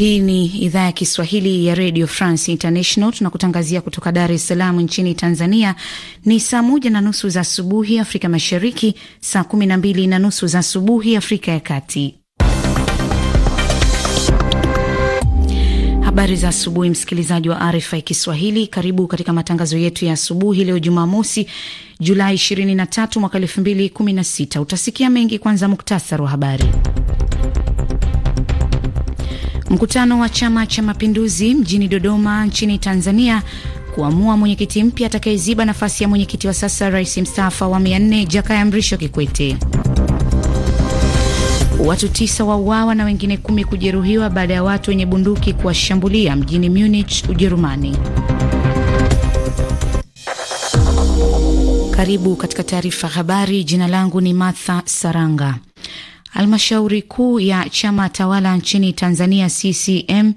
Hii ni idhaa ya Kiswahili ya Radio France International, tunakutangazia kutoka Dar es Salaam nchini Tanzania. Ni saa moja na nusu za asubuhi Afrika Mashariki, saa kumi na mbili na nusu za asubuhi Afrika ya Kati. Habari za asubuhi, msikilizaji wa RFI Kiswahili. Karibu katika matangazo yetu ya asubuhi leo Jumamosi, Julai 23 mwaka 2016. Utasikia mengi, kwanza muktasari wa habari. Mkutano wa Chama cha Mapinduzi mjini Dodoma nchini Tanzania kuamua mwenyekiti mpya atakayeziba nafasi ya mwenyekiti wa sasa rais mstaafu awamu ya nne Jakaya Mrisho Kikwete. Watu tisa wauawa na wengine kumi kujeruhiwa baada ya watu wenye bunduki kuwashambulia mjini Munich, Ujerumani. Karibu katika taarifa habari. Jina langu ni Martha Saranga. Halmashauri kuu ya chama tawala nchini Tanzania CCM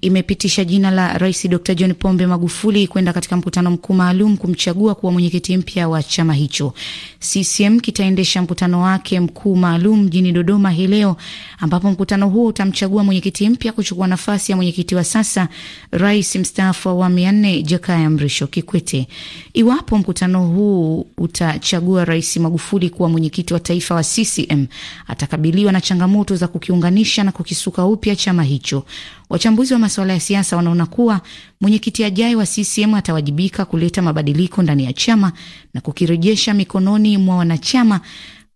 imepitisha jina la Rais Dr John Pombe Magufuli kwenda katika mkutano mkuu maalum kumchagua kuwa mwenyekiti mpya wa chama hicho. CCM kitaendesha mkutano wake mkuu maalum mjini Dodoma hii leo, ambapo mkutano huo utamchagua mwenyekiti mpya kuchukua nafasi ya mwenyekiti wa sasa, rais mstaafu wa awamu ya nne Jakaya Mrisho Kikwete. Iwapo mkutano huu utachagua Rais Magufuli kuwa mwenyekiti wa taifa wa CCM, atakabiliwa na changamoto za kukiunganisha na kukisuka upya chama hicho. Wachambuzi wa masuala ya siasa wanaona kuwa mwenyekiti ajaye wa CCM atawajibika kuleta mabadiliko ndani ya chama na kukirejesha mikononi mwa wanachama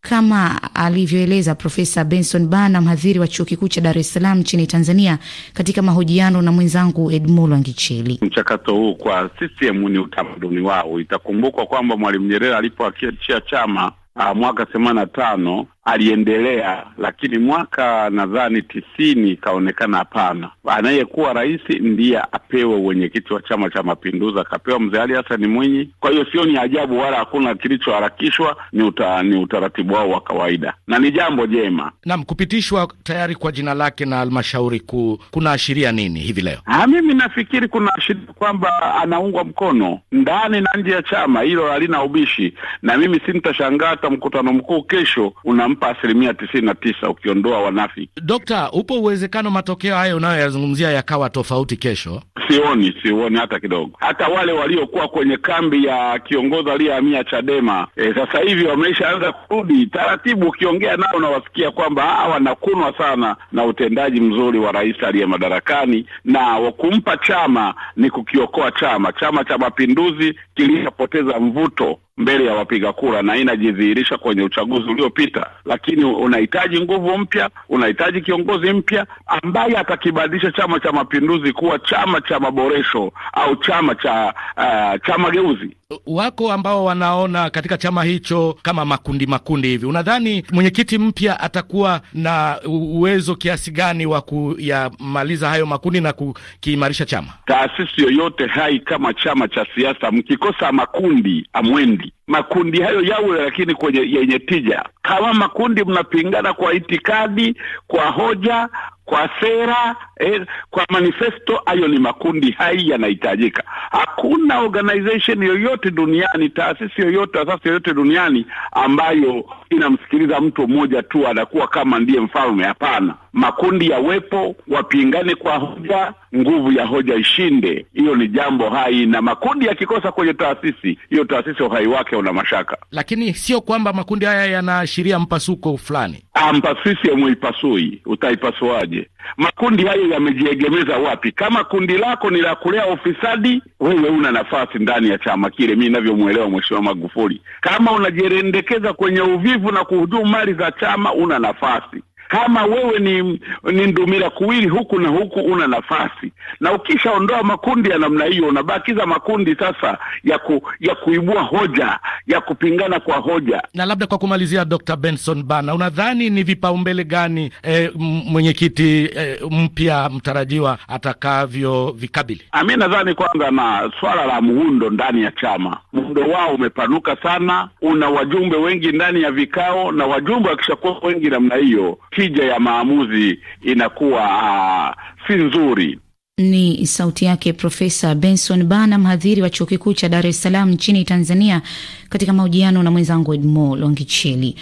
kama alivyoeleza Profesa Benson Bana, mhadhiri wa chuo kikuu cha Dar es Salaam nchini Tanzania, katika mahojiano na mwenzangu Edmul Wangicheli. Mchakato huu kwa CCM ni utamaduni wao. Itakumbukwa kwamba Mwalimu Nyerere alipoakiachia chama ah, mwaka themanini na tano aliendelea, lakini mwaka nadhani tisini ikaonekana hapana, anayekuwa rais ndiye apewe uwenyekiti wa Chama cha Mapinduzi, akapewa mzee Ali Hassan Mwinyi. Kwa hiyo sio ni ajabu wala hakuna kilichoharakishwa, ni, uta, ni utaratibu wao wa kawaida na ni jambo jema. Naam, kupitishwa tayari kwa jina lake na halmashauri kuu kunaashiria nini hivi leo? Ha, mimi nafikiri kunaashiria kwamba anaungwa mkono ndani na nje ya chama, hilo halina ubishi, na mimi sintashangaa hata mkutano mkuu kesho una inampa asilimia tisini na tisa ukiondoa wanafiki. Dokta, upo uwezekano matokeo hayo unayoyazungumzia yakawa tofauti kesho? Sioni, sioni hata kidogo. Hata wale waliokuwa kwenye kambi ya kiongozi aliyehamia Chadema e, sasa hivi wameishaanza kurudi taratibu. Ukiongea nao unawasikia kwamba ah, wanakunwa sana na utendaji mzuri wa rais aliye madarakani, na kumpa chama ni kukiokoa chama. Chama cha Mapinduzi kilishapoteza mvuto mbele ya wapiga kura, na inajidhihirisha kwenye uchaguzi uliopita. Lakini unahitaji nguvu mpya, unahitaji kiongozi mpya ambaye atakibadilisha Chama cha Mapinduzi kuwa chama cha maboresho au chama cha uh, cha mageuzi wako ambao wanaona katika chama hicho kama makundi makundi hivi, unadhani mwenyekiti mpya atakuwa na uwezo kiasi gani wa kuyamaliza hayo makundi na kukiimarisha chama? Taasisi yoyote hai kama chama cha siasa, mkikosa makundi amwendi makundi hayo yawe, lakini kwenye yenye tija. Kama makundi mnapingana kwa itikadi, kwa hoja, kwa sera eh, kwa manifesto, hayo ni makundi hai yanahitajika. Hakuna organization yoyote duniani, taasisi yoyote, asasi yoyote duniani ambayo inamsikiliza mtu mmoja tu anakuwa kama ndiye mfalme. Hapana makundi yawepo, wapingane kwa hoja, nguvu ya hoja ishinde. Hiyo ni jambo hai, na makundi yakikosa kwenye taasisi hiyo, taasisi uhai wake una mashaka. Lakini sio kwamba makundi haya yanaashiria mpasuko fulani. Ah, Mpasisi amuipasui, utaipasuaje? Makundi hayo yamejiegemeza wapi? Kama kundi lako ni la kulea ufisadi, wewe una nafasi ndani ya chama kile, mi inavyomwelewa Mheshimiwa Magufuli. Kama unajirendekeza kwenye uvivu na kuhujumu mali za chama, una nafasi kama wewe ni, ni ndumira kuwili huku na huku, una nafasi, na ukishaondoa makundi ya namna hiyo, unabakiza makundi sasa ya, ku, ya kuibua hoja ya kupingana kwa hoja. Na labda kwa kumalizia, Dr. Benson Bana, unadhani ni vipaumbele gani e, mwenyekiti e, mpya mtarajiwa atakavyo vikabili? Ah, mi nadhani kwanza na swala la muundo ndani ya chama, muundo wao umepanuka sana, una wajumbe wengi ndani ya vikao, na wajumbe wakishakuwa wengi namna hiyo tija ya maamuzi inakuwa uh, si nzuri. Ni sauti yake Profesa Benson Bana, mhadhiri wa chuo kikuu cha Dar es Salaam nchini Tanzania, katika mahojiano na mwenzangu Edmo Longicheli.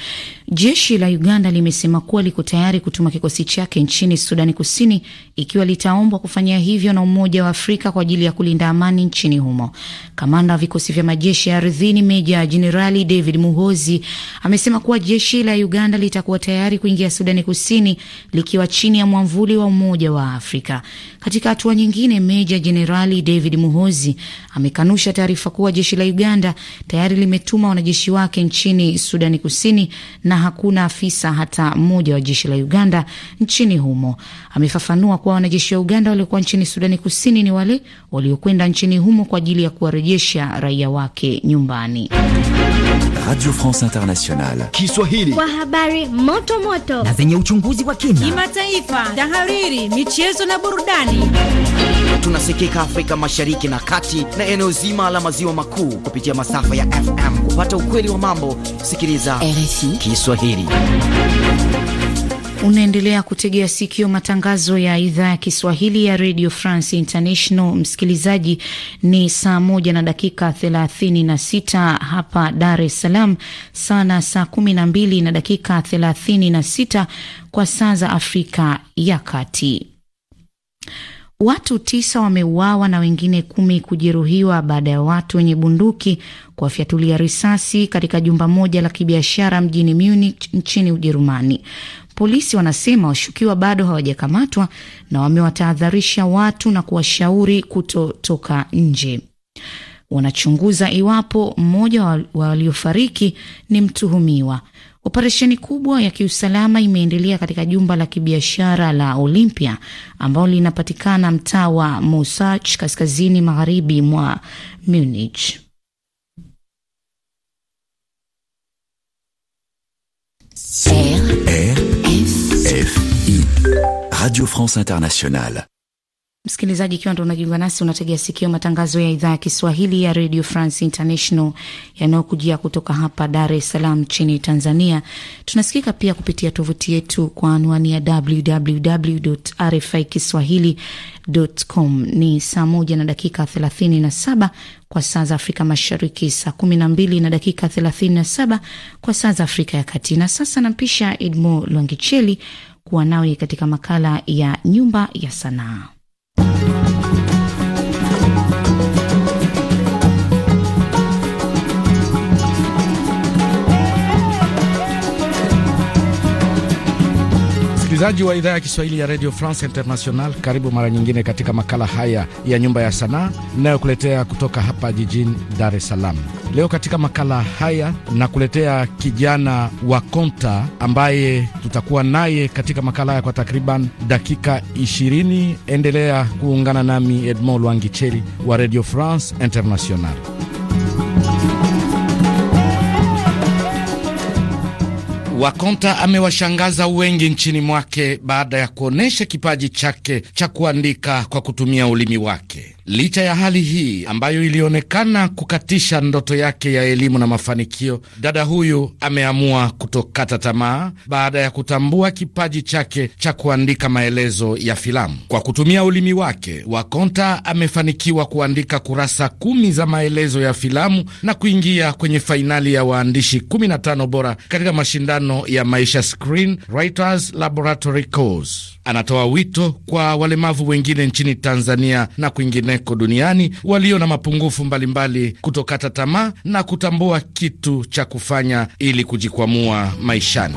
Jeshi la Uganda limesema kuwa liko tayari kutuma kikosi chake nchini Sudani Kusini ikiwa litaombwa kufanya hivyo na Umoja wa Afrika kwa ajili ya kulinda amani nchini humo. Kamanda wa vikosi vya majeshi ya ardhini Meja Jenerali David Muhozi amesema kuwa jeshi la Uganda litakuwa tayari kuingia Sudani Kusini likiwa chini ya mwamvuli wa Umoja wa Afrika. Katika hatua nyingine, Meja Jenerali David Muhozi amekanusha taarifa kuwa jeshi la Uganda tayari lime ametuma wanajeshi wake nchini Sudani Kusini na hakuna afisa hata mmoja wa jeshi la Uganda nchini humo. Amefafanua kuwa wanajeshi wa Uganda waliokuwa nchini Sudani Kusini ni wale waliokwenda nchini humo kwa ajili ya kuwarejesha raia wake nyumbani. Radio France Internationale Kiswahili, kwa habari moto moto na zenye uchunguzi wa kina, kimataifa, tahariri, michezo na burudani. Tunasikika Afrika Mashariki na Kati na eneo zima la maziwa makuu kupitia masafa ya FM. Kupata ukweli wa mambo, sikiliza RFI Kiswahili. Unaendelea kutegea sikio matangazo ya idhaa ya Kiswahili ya Radio France International. Msikilizaji, ni saa moja na dakika thelathini na sita hapa Dar es Salaam, sana saa kumi na mbili na dakika thelathini na sita kwa saa za Afrika ya Kati. Watu tisa wameuawa na wengine kumi kujeruhiwa baada ya watu wenye bunduki kuwafyatulia risasi katika jumba moja la kibiashara mjini Munich nchini Ujerumani. Polisi wanasema washukiwa bado hawajakamatwa na wamewatahadharisha watu na kuwashauri kutotoka nje. Wanachunguza iwapo mmoja waliofariki ni mtuhumiwa. Operesheni kubwa ya kiusalama imeendelea katika jumba la kibiashara la Olympia ambalo linapatikana mtaa wa Mosach kaskazini magharibi mwa Munich. R RFI, Radio France Internationale. Msikilizaji, ikiwa ndo unajiunga nasi, unategea sikio matangazo ya idhaa ya Kiswahili ya Radio France International yanayokujia kutoka hapa Dar es Salaam nchini Tanzania. Tunasikika pia kupitia tovuti yetu kwa anwani ya www RFI kiswahilicom. Ni saa moja na dakika 37 kwa saa za Afrika Mashariki, saa 12 na dakika 37 kwa saa za Afrika ya Kati. Na sasa nampisha Edmo Lwangicheli kuwa nawe katika makala ya Nyumba ya Sanaa. Msikilizaji wa idhaa ya Kiswahili ya Radio France International, karibu mara nyingine katika makala haya ya Nyumba ya Sanaa inayokuletea kutoka hapa jijini Dar es Salaam. Leo katika makala haya nakuletea kijana wa Konta ambaye tutakuwa naye katika makala haya kwa takriban dakika 20. Endelea kuungana nami Edmond Lwangicheli wa Radio France International. Wakonta amewashangaza wengi nchini mwake baada ya kuonyesha kipaji chake cha kuandika kwa kutumia ulimi wake. Licha ya hali hii ambayo ilionekana kukatisha ndoto yake ya elimu na mafanikio, dada huyu ameamua kutokata tamaa baada ya kutambua kipaji chake cha kuandika maelezo ya filamu. Kwa kutumia ulimi wake, Wakonta amefanikiwa kuandika kurasa kumi za maelezo ya filamu na kuingia kwenye fainali ya waandishi 15 bora katika mashindano ya Maisha Screen Writers Laboratory Course. Anatoa wito kwa walemavu wengine nchini Tanzania na kwingine kwingineko duniani walio na mapungufu mbalimbali kutokata tamaa na kutambua kitu cha kufanya ili kujikwamua maishani.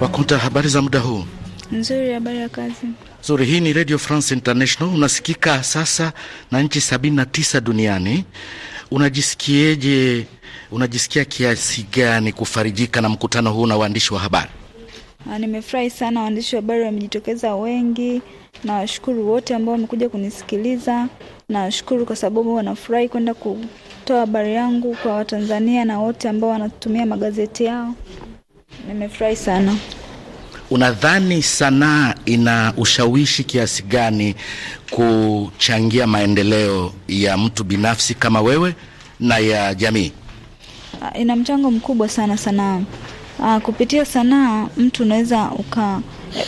Wakunta, habari za muda huu? Nzuri, habari ya kazi? Nzuri. Hii ni Radio France International, unasikika sasa na nchi 79 duniani. Unajisikieje? Unajisikia kiasi gani kufarijika na mkutano huu na waandishi wa habari? Ah, nimefurahi sana, waandishi wa habari wamejitokeza wengi. Nawashukuru wote ambao wamekuja kunisikiliza. Nawashukuru kwa sababu wanafurahi kwenda kutoa habari yangu kwa Watanzania na wote ambao wanatumia magazeti yao. Nimefurahi sana. Unadhani sanaa ina ushawishi kiasi gani kuchangia maendeleo ya mtu binafsi kama wewe na ya jamii? Ah, ina mchango mkubwa sana sanaa. Uh, kupitia sanaa mtu unaweza uka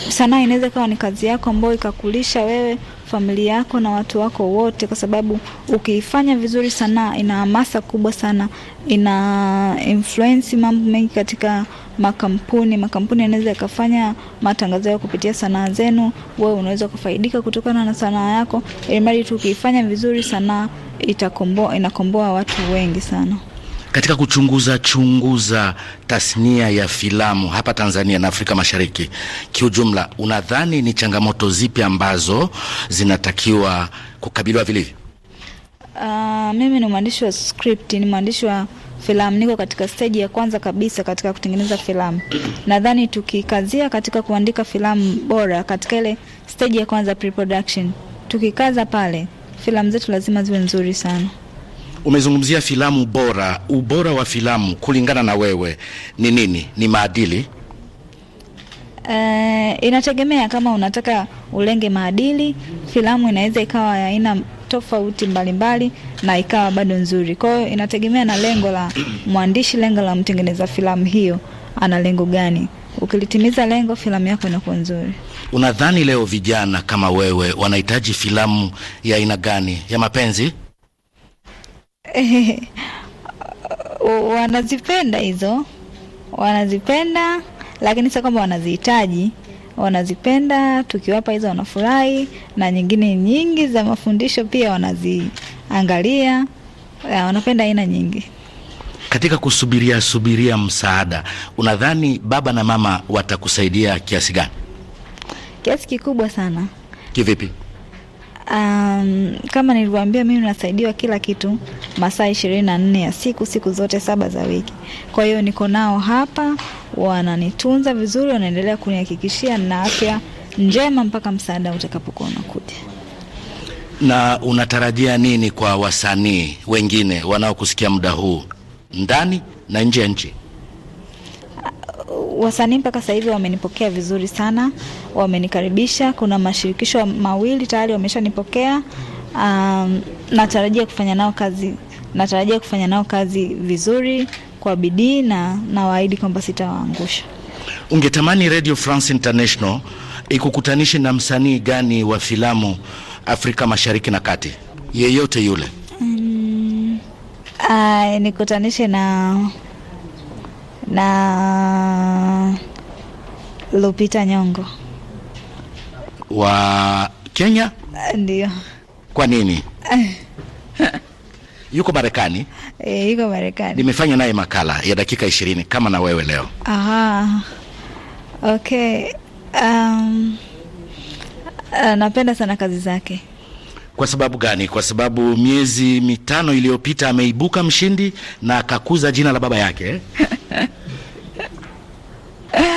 sanaa inaweza ikawa ni kazi yako ambayo ikakulisha wewe, familia yako na watu wako wote, kwa sababu ukiifanya vizuri, sanaa ina hamasa kubwa sana, ina influence mambo mengi katika makampuni. Makampuni yanaweza yakafanya matangazo yao kupitia sanaa zenu, wewe unaweza kufaidika kutokana na sanaa yako, ilimradi tu ukiifanya vizuri, sanaa itakomboa, inakomboa watu wengi sana katika kuchunguza chunguza tasnia ya filamu hapa Tanzania na Afrika Mashariki kiujumla, unadhani ni changamoto zipi ambazo zinatakiwa kukabiliwa vilivyo? Uh, ah, mimi ni mwandishi wa script, ni mwandishi wa filamu, niko katika steji ya kwanza kabisa katika kutengeneza filamu. Nadhani tukikazia katika kuandika filamu bora katika ile steji ya kwanza pre-production, tukikaza pale, filamu zetu lazima ziwe nzuri sana. Umezungumzia filamu bora. Ubora wa filamu kulingana na wewe ni nini? Ni maadili? Uh, inategemea kama unataka ulenge maadili. Filamu inaweza ikawa ya aina tofauti mbalimbali na ikawa bado nzuri. Kwa hiyo inategemea na lengo la mwandishi, lengo la mtengeneza filamu hiyo, ana lengo gani? Ukilitimiza lengo, filamu yako inakuwa nzuri. Unadhani leo vijana kama wewe wanahitaji filamu ya aina gani? Ya mapenzi? wanazipenda hizo, wanazipenda lakini sio kwamba wanazihitaji, wanazipenda. Tukiwapa hizo wanafurahi, na nyingine nyingi za mafundisho pia wanaziangalia, wanapenda aina nyingi. Katika kusubiria subiria msaada, unadhani baba na mama watakusaidia kiasi gani? Kiasi kikubwa sana. Kivipi? Um, kama nilivyoambia mimi nasaidiwa kila kitu masaa ishirini na nne ya siku, siku zote saba za wiki. Kwa hiyo niko nao hapa, wananitunza vizuri, wanaendelea kunihakikishia na afya njema mpaka msaada utakapokuwa unakuja. Na unatarajia nini kwa wasanii wengine wanaokusikia muda huu ndani na nje ya nchi? wasanii mpaka sasa hivi wamenipokea vizuri sana, wamenikaribisha. Kuna mashirikisho mawili tayari wameshanipokea. Um, natarajia kufanya nao kazi, natarajia kufanya nao kazi vizuri kwa bidii, na nawaahidi kwamba sitawaangusha. Ungetamani Radio France International ikukutanishe na msanii gani wa filamu Afrika Mashariki na Kati? Yeyote yule. Mm, uh, nikutanishe na na Lupita Nyongo wa Kenya. Ndio. Kwa nini? Yuko Marekani. E, yuko Marekani. Nimefanya naye makala ya dakika ishirini kama na wewe leo. Aha. Okay. Um, eh, napenda sana kazi zake. Kwa sababu gani? Kwa sababu miezi mitano iliyopita ameibuka mshindi na akakuza jina la baba yake. Eh?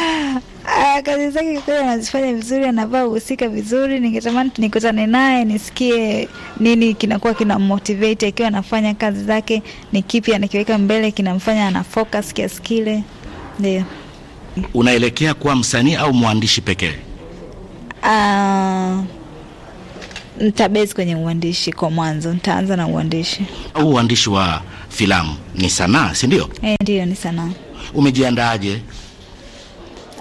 Ah, kazi zake kweli anazifanya vizuri, anavaa uhusika vizuri. Ningetamani nikutane naye nisikie nini kinakuwa kinammotivate akiwa anafanya kazi zake, ni kipi anakiweka mbele kinamfanya ana focus kiasi kile. Ndio unaelekea kuwa msanii au mwandishi pekee? Uh, ntabezi kwenye uandishi kwa mwanzo, ntaanza na uandishi. Au uandishi wa filamu ni sanaa, si ndio? Eh, ndio ni sanaa. Umejiandaaje?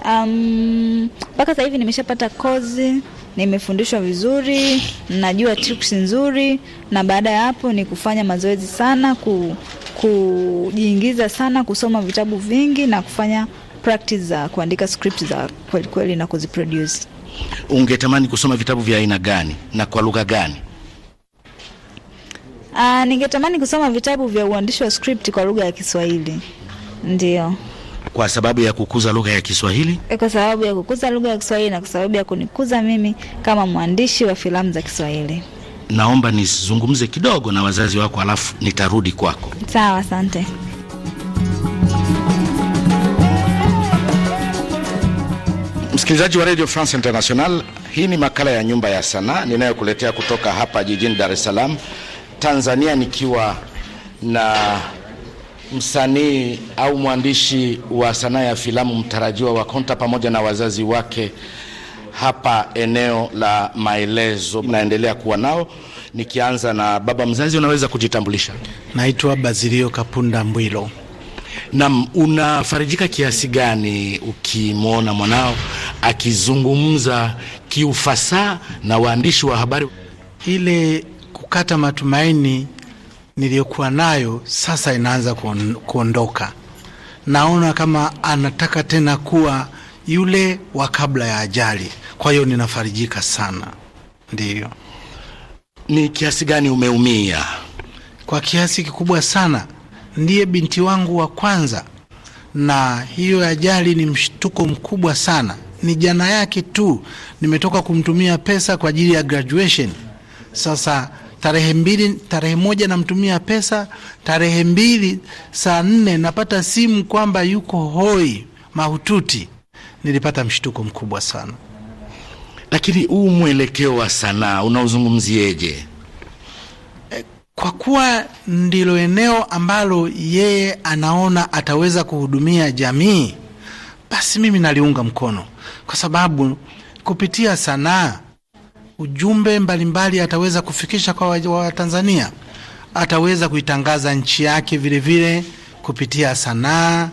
Um, mpaka um, sasa hivi nimeshapata kozi, nimefundishwa vizuri, najua tricks nzuri, na baada ya hapo ni kufanya mazoezi sana, ku, kujiingiza sana, kusoma vitabu vingi na kufanya practice za kuandika script za kwelikweli na kuziproduce ungetamani kusoma vitabu vya aina gani na kwa lugha gani? Uh, ningetamani kusoma vitabu vya uandishi wa script kwa lugha ya Kiswahili. ndio Kwa sababu ya kukuza lugha ya Kiswahili? E, kwa sababu ya kukuza lugha ya Kiswahili na kwa sababu ya kunikuza mimi kama mwandishi wa filamu za Kiswahili. Naomba nizungumze kidogo na wazazi wako, alafu nitarudi kwako. Sawa, asante. Msikilizaji wa Radio France International, hii ni makala ya Nyumba ya Sanaa ninayokuletea kutoka hapa jijini Dar es Salaam, Tanzania, nikiwa na msanii au mwandishi wa sanaa ya filamu mtarajiwa wa Konta pamoja na wazazi wake hapa eneo la Maelezo. Naendelea kuwa nao nikianza na baba mzazi, unaweza kujitambulisha? Naitwa Bazilio Kapunda Mbwilo. nam unafarijika kiasi gani ukimwona mwanao akizungumza kiufasaha na waandishi wa habari. Ile kukata matumaini niliyokuwa nayo sasa inaanza kuondoka. Naona kama anataka tena kuwa yule wa kabla ya ajali. Kwa hiyo ninafarijika sana. Ndiyo. Ni kiasi gani umeumia? Kwa kiasi kikubwa sana. Ndiye binti wangu wa kwanza, na hiyo ajali ni mshtuko mkubwa sana ni jana yake tu nimetoka kumtumia pesa kwa ajili ya graduation. Sasa tarehe mbili, tarehe moja namtumia pesa, tarehe mbili saa nne napata simu kwamba yuko hoi mahututi. Nilipata mshtuko mkubwa sana. Lakini huu mwelekeo wa sanaa unaozungumzieje? Eh, kwa kuwa ndilo eneo ambalo yeye anaona ataweza kuhudumia jamii, basi mimi naliunga mkono kwa sababu kupitia sanaa ujumbe mbalimbali ataweza kufikisha kwa Watanzania, ataweza kuitangaza nchi yake vile vile kupitia sanaa.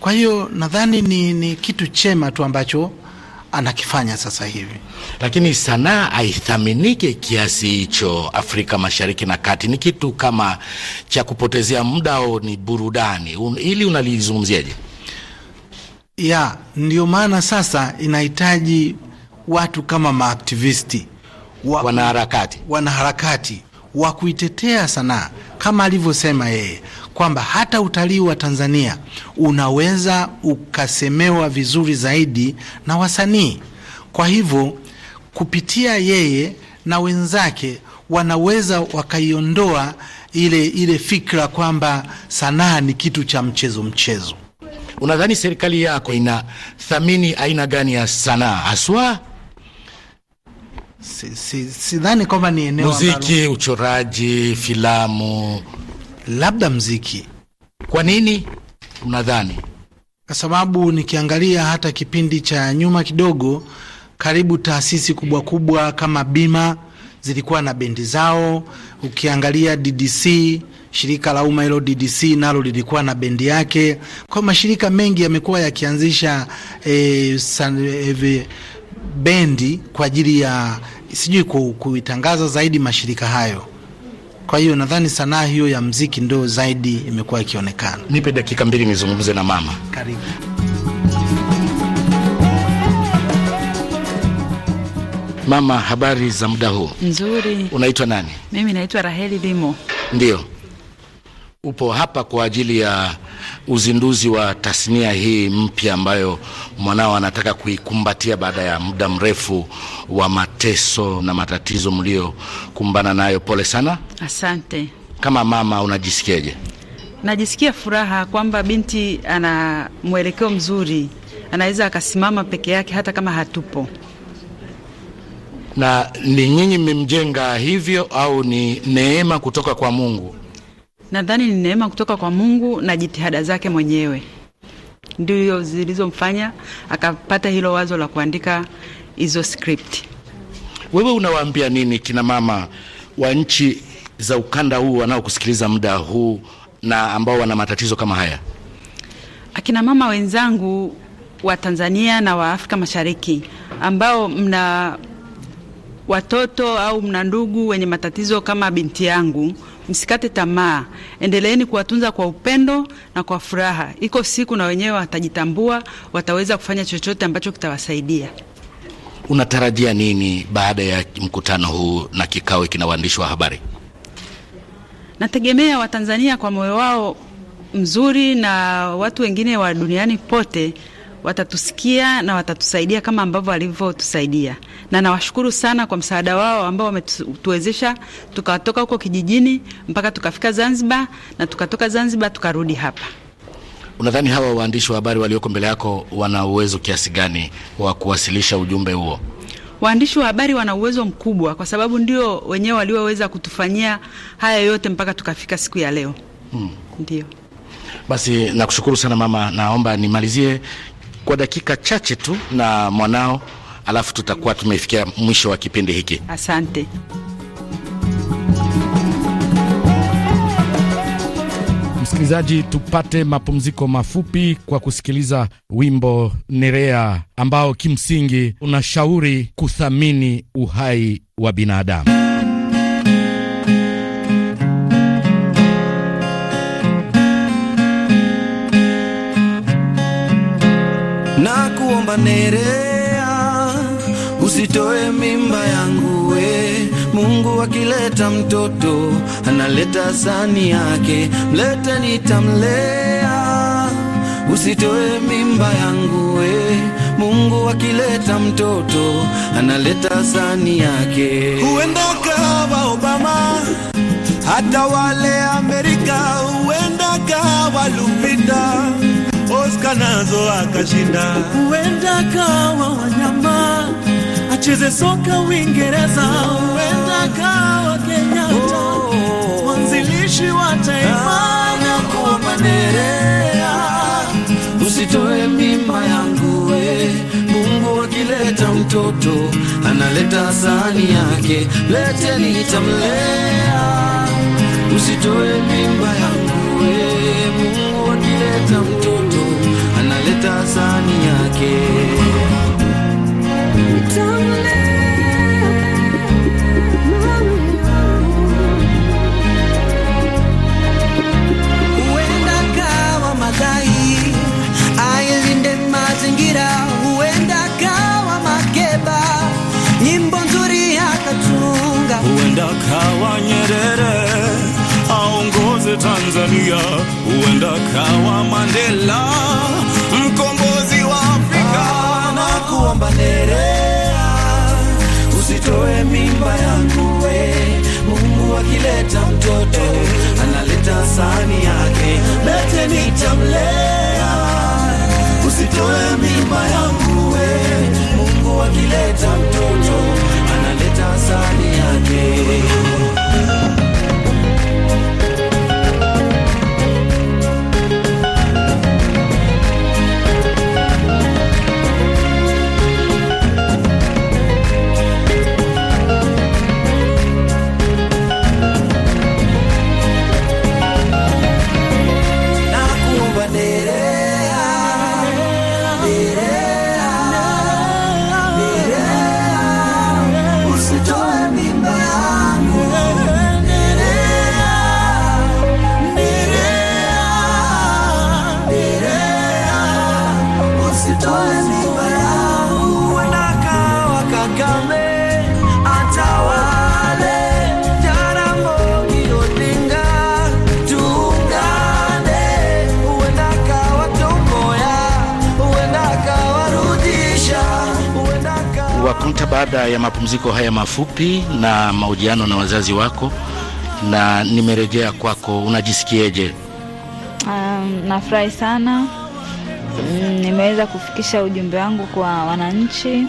Kwa hiyo nadhani ni, ni kitu chema tu ambacho anakifanya sasa hivi, lakini sanaa haithaminike kiasi hicho Afrika Mashariki na Kati. Ni kitu kama cha kupotezea muda au ni burudani? Un, ili unalizungumziaje? ya ndio maana sasa inahitaji watu kama maaktivisti, wanaharakati, wanaharakati wa kuitetea sanaa kama alivyosema yeye kwamba hata utalii wa Tanzania unaweza ukasemewa vizuri zaidi na wasanii. Kwa hivyo kupitia yeye na wenzake wanaweza wakaiondoa ile, ile fikra kwamba sanaa ni kitu cha mchezo mchezo. Unadhani serikali yako inathamini aina gani ya sanaa haswa? Sidhani si, si kwamba ni eneo muziki ambalo... uchoraji, filamu, labda mziki. Kwa nini unadhani? Kwa sababu nikiangalia hata kipindi cha nyuma kidogo, karibu taasisi kubwa kubwa kama bima zilikuwa na bendi zao. Ukiangalia DDC Shirika la umma hilo DDC nalo lilikuwa na bendi yake, kwa mashirika mengi yamekuwa yakianzisha e, e, bendi kwa ajili ya sijui kuitangaza zaidi mashirika hayo. Kwa hiyo nadhani sanaa hiyo ya mziki ndo zaidi imekuwa ikionekana. Nipe dakika mbili nizungumze na mama. Karibu. Mama, habari za muda huu? Nzuri. Unaitwa nani? Mimi naitwa Raheli Limo. Ndio. Upo hapa kwa ajili ya uzinduzi wa tasnia hii mpya ambayo mwanao anataka kuikumbatia baada ya muda mrefu wa mateso na matatizo mliokumbana nayo. Pole sana. Asante. Kama mama unajisikiaje? Najisikia furaha kwamba binti ana mwelekeo mzuri, anaweza akasimama peke yake hata kama hatupo. Na ni nyinyi mmemjenga hivyo au ni neema kutoka kwa Mungu? Nadhani ni neema kutoka kwa Mungu na jitihada zake mwenyewe ndio zilizomfanya akapata hilo wazo la kuandika hizo script. Wewe unawaambia nini kina mama wa nchi za ukanda huu wanaokusikiliza muda huu na ambao wana matatizo kama haya? Akina mama wenzangu wa Tanzania na wa Afrika Mashariki ambao mna watoto au mna ndugu wenye matatizo kama binti yangu msikate tamaa, endeleeni kuwatunza kwa upendo na kwa furaha. Iko siku na wenyewe watajitambua, wataweza kufanya chochote ambacho kitawasaidia. Unatarajia nini baada ya mkutano huu na kikao kina waandishi wa habari? Nategemea Watanzania kwa moyo wao mzuri na watu wengine wa duniani pote watatusikia na watatusaidia kama ambavyo walivyotusaidia, na nawashukuru sana kwa msaada wao ambao wametuwezesha tukatoka huko kijijini mpaka tukafika Zanzibar na tukatoka Zanzibar tukarudi hapa. Unadhani hawa waandishi wa habari walioko mbele yako wana uwezo kiasi gani wa kuwasilisha ujumbe huo? Waandishi wa habari wana uwezo mkubwa, kwa sababu ndio wenyewe walioweza kutufanyia haya yote mpaka tukafika siku ya leo. Hmm. Ndio. Basi nakushukuru sana mama, naomba nimalizie kwa dakika chache tu na mwanao, alafu tutakuwa tumefikia mwisho wa kipindi hiki. Asante. Msikilizaji, tupate mapumziko mafupi kwa kusikiliza wimbo Nerea ambao kimsingi unashauri kuthamini uhai wa binadamu. Nerea, usitoe mimba yangu we. Mungu akileta mtoto analeta sani yake, mlete nitamlea. Usitoe mimba yangu we. Mungu akileta mtoto analeta sani yake. Huenda kawa Obama, hata wale Amerika, huenda kawa Lupita alizochoka nazo akashinda. Huenda kawa wanyama acheze soka Uingereza, huenda kawa Kenyatta mwanzilishi wa taifa na kuomandelea. Usitoe mimba yangu we Mungu, akileta mtoto analeta sahani yake, leteni nitamlea. Usitoe mimba yangu we Mungu, akileta mtoto mtazani yake kawa madai ailinde mazingira, huenda kawa makeba nyimbo nzuri akatunga, huenda kawa Nyerere aongoze Tanzania, huenda kawa Mandela mkombozi wa Afrika. Na nerea, usitoe mimba yangu we. Mungu akileta mtoto analeta sahani yake, leteni tamlea, usitoe mimba yangu we. Mungu akileta mtoto analeta sahani yake. Wakunta, baada ya mapumziko haya mafupi na mahojiano na wazazi wako, na nimerejea kwako, unajisikieje? Um, nafurahi sana Mm, nimeweza kufikisha ujumbe wangu kwa wananchi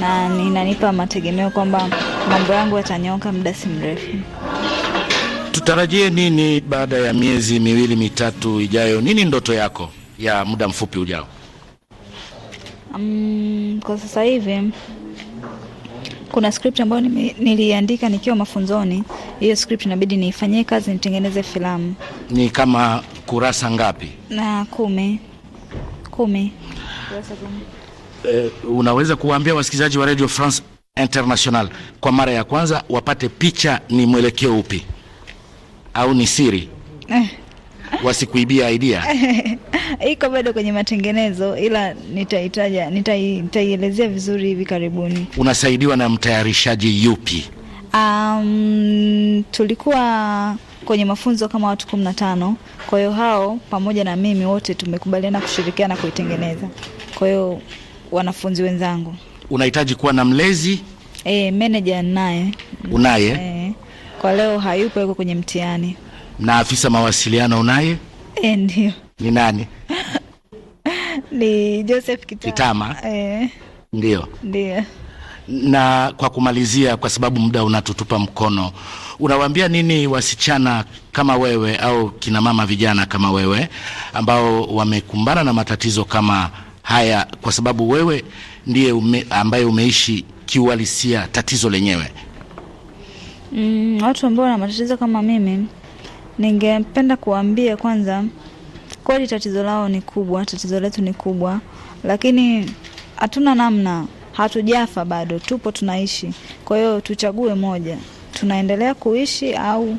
na inanipa mategemeo kwamba mambo yangu yatanyoka muda si mrefu. Tutarajie nini baada ya miezi miwili mitatu ijayo? Nini ndoto yako ya muda mfupi ujao? Um, kwa sasa hivi kuna script ambayo niliandika nikiwa mafunzoni. Hiyo script inabidi niifanyie kazi, nitengeneze filamu. Ni kama kurasa ngapi? na kumi kumi. Eh, unaweza kuwaambia wasikilizaji wa Radio France International kwa mara ya kwanza wapate picha ni mwelekeo upi au ni siri eh? Wasikuibia idea iko bado kwenye matengenezo, ila nitaitaja nitaielezea vizuri hivi karibuni. Unasaidiwa na mtayarishaji yupi? Um, tulikuwa kwenye mafunzo kama watu kumi na tano. Kwa hiyo hao pamoja na mimi wote tumekubaliana kushirikiana kuitengeneza. Kwa hiyo wanafunzi wenzangu, unahitaji kuwa na mlezi e, manager naye unaye e, kwa leo hayupo, yuko kwenye mtihani. Na afisa mawasiliano unaye? E, ndio. Ni nani? Ni Joseph Kitama, Kitama. E. Ndio, ndio na kwa kumalizia, kwa sababu muda unatutupa mkono, unawaambia nini wasichana kama wewe au kinamama vijana kama wewe ambao wamekumbana na matatizo kama haya, kwa sababu wewe ndiye ume, ambaye umeishi kiuhalisia tatizo lenyewe? Mm, watu ambao wana matatizo kama mimi, ningependa kuwaambia kwanza, kweli tatizo lao ni kubwa, tatizo letu ni kubwa, lakini hatuna namna hatujafa bado, tupo tunaishi. Kwa hiyo tuchague moja, tunaendelea kuishi au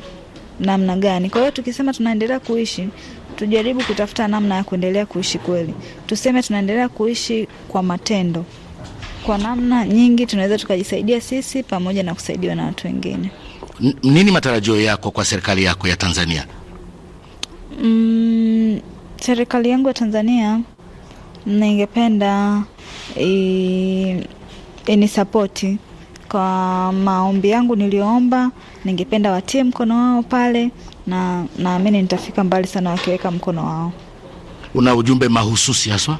namna gani? Kwa hiyo tukisema tunaendelea kuishi, tujaribu kutafuta namna ya kuendelea kuishi kweli. Tuseme tunaendelea kuishi kwa matendo, kwa namna nyingi tunaweza tukajisaidia sisi pamoja na kusaidiwa na watu wengine. nini matarajio yako kwa serikali yako ya Tanzania? Mm, serikali yangu ya Tanzania ningependa yanisapoti kwa maombi yangu niliyoomba. Ningependa watie mkono wao pale, na naamini nitafika mbali sana wakiweka mkono wao. Una ujumbe mahususi haswa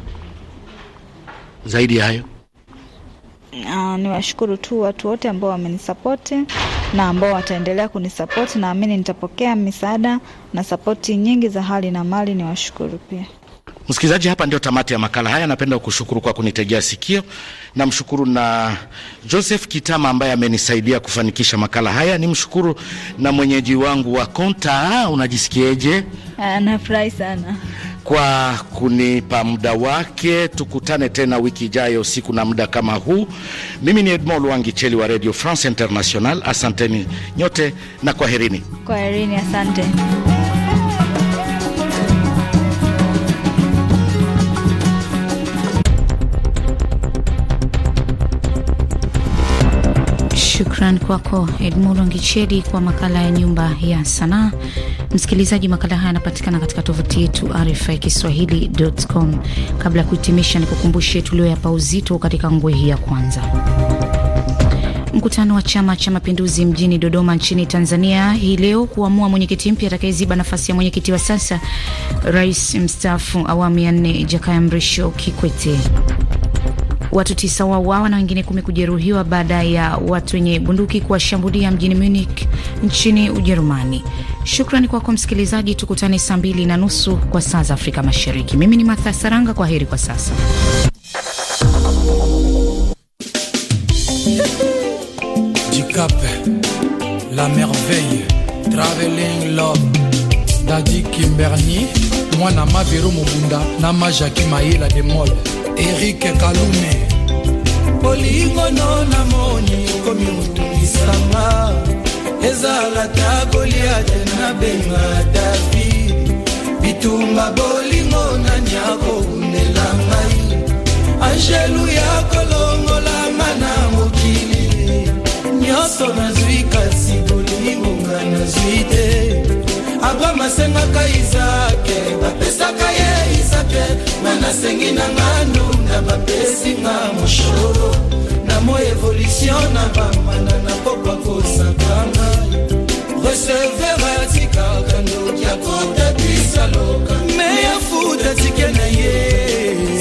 zaidi ya hayo? Ah, niwashukuru tu watu wote ambao wamenisapoti na ambao wataendelea kunisapoti. Naamini nitapokea misaada na sapoti nyingi za hali na mali. Niwashukuru pia msikilizaji. Hapa ndio tamati ya makala haya. Napenda kushukuru kwa kunitegea sikio namshukuru na Joseph Kitama ambaye amenisaidia kufanikisha makala haya. Nimshukuru na mwenyeji wangu wa Konta, unajisikieje? Ah, nafurahi sana kwa kunipa muda wake. Tukutane tena wiki ijayo siku na muda kama huu. Mimi ni Edmond Luangicheli wa Radio France International. Asanteni nyote na kwaherini, kwaherini, asante. Shukran kwako Edmundo Ngichedi kwa makala ya nyumba ya sanaa. Msikilizaji, makala haya yanapatikana katika tovuti yetu RFI Kiswahili.com. Kabla ya kuhitimisha, nikukumbushe tuliyoyapa uzito katika ngwe hii ya kwanza. Mkutano wa Chama cha Mapinduzi mjini Dodoma nchini Tanzania hii leo kuamua mwenyekiti mpya atakayeziba nafasi ya mwenyekiti wa sasa, rais mstaafu awamu ya nne Jakaya Mrisho Kikwete. Watu tisa wauawa na wengine kumi kujeruhiwa baada ya watu wenye bunduki kuwashambulia mjini Munich nchini Ujerumani. Shukrani kwako msikilizaji, tukutane saa mbili na nusu kwa saa za Afrika Mashariki. Mimi ni Martha Saranga, kwa heri kwa sasa. Jikape, la merveille, traveling love, dadi kimberni mwana mabiru mubunda na majaki maila de mole erik kalume bolingono na moni komi otungisanga ezala ta goliate na benga david bitumba bolingo nani akobundela ngai angelu ya kolongolanga na mokili nyonso nazwi kasi bolibonga nazwi te abrahama asengaka izake bapesaka ye nanasengina nganu na bapesi nga Namo na mo évolution, na bamana na pokwa je ngai recever atikaka ndoki akota me na ye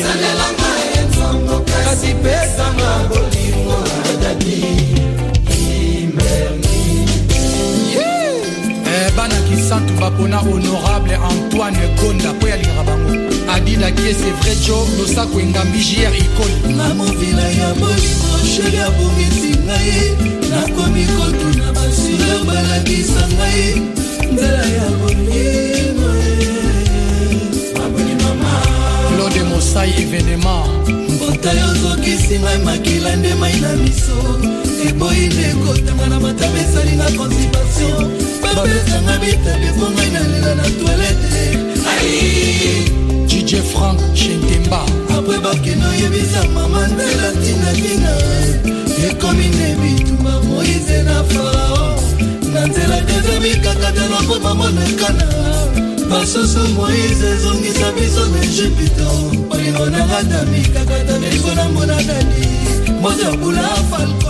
salelanga enzongo kasi Eh bana honorable antoine konda mpo ya adida kiese vrejo losako engambi jr ikoli na movila ya bolingo sheri abongisi ngai nakomi kotuna basure balakisa ngai nzela ya bolingo claude eh. mosai evenema mbota yo ozokisi ngai makila nde mai na miso eboyi nde ekotanga na matama esalinga constipation bapesanga bitapepo ngai na lela na toilete dj frank shentemba apres bakeno yebisa mama ndela tinakina eh. ekomi ne bitumba moise na farao na nzela dezamikakatelo mpo bamonekana basusu moise ezongisa biso na ejipito bolingo nanga damikakatelo ekonamona nani moto ya bula falko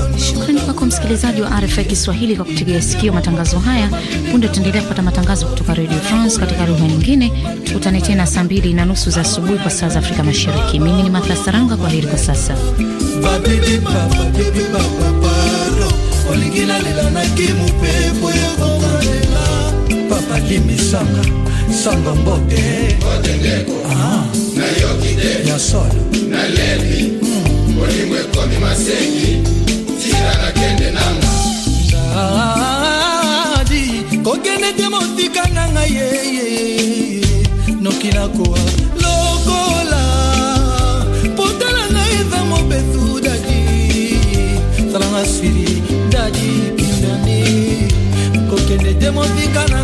msikilizaji wa RFI Kiswahili kwa kutegea sikio matangazo haya. Punde tutaendelea kupata matangazo kutoka Radio France katika lugha nyingine. Tukutane tena saa mbili na nusu za asubuhi kwa saa za Afrika Mashariki. Mimi ni Matha Saranga, kwa heri kwa sasa. nakende nanga zadi kokende te motika nanga yeye noki nakoa lokola potala na eza mobesu dadi salanga siri dadi kindani kokende te motika na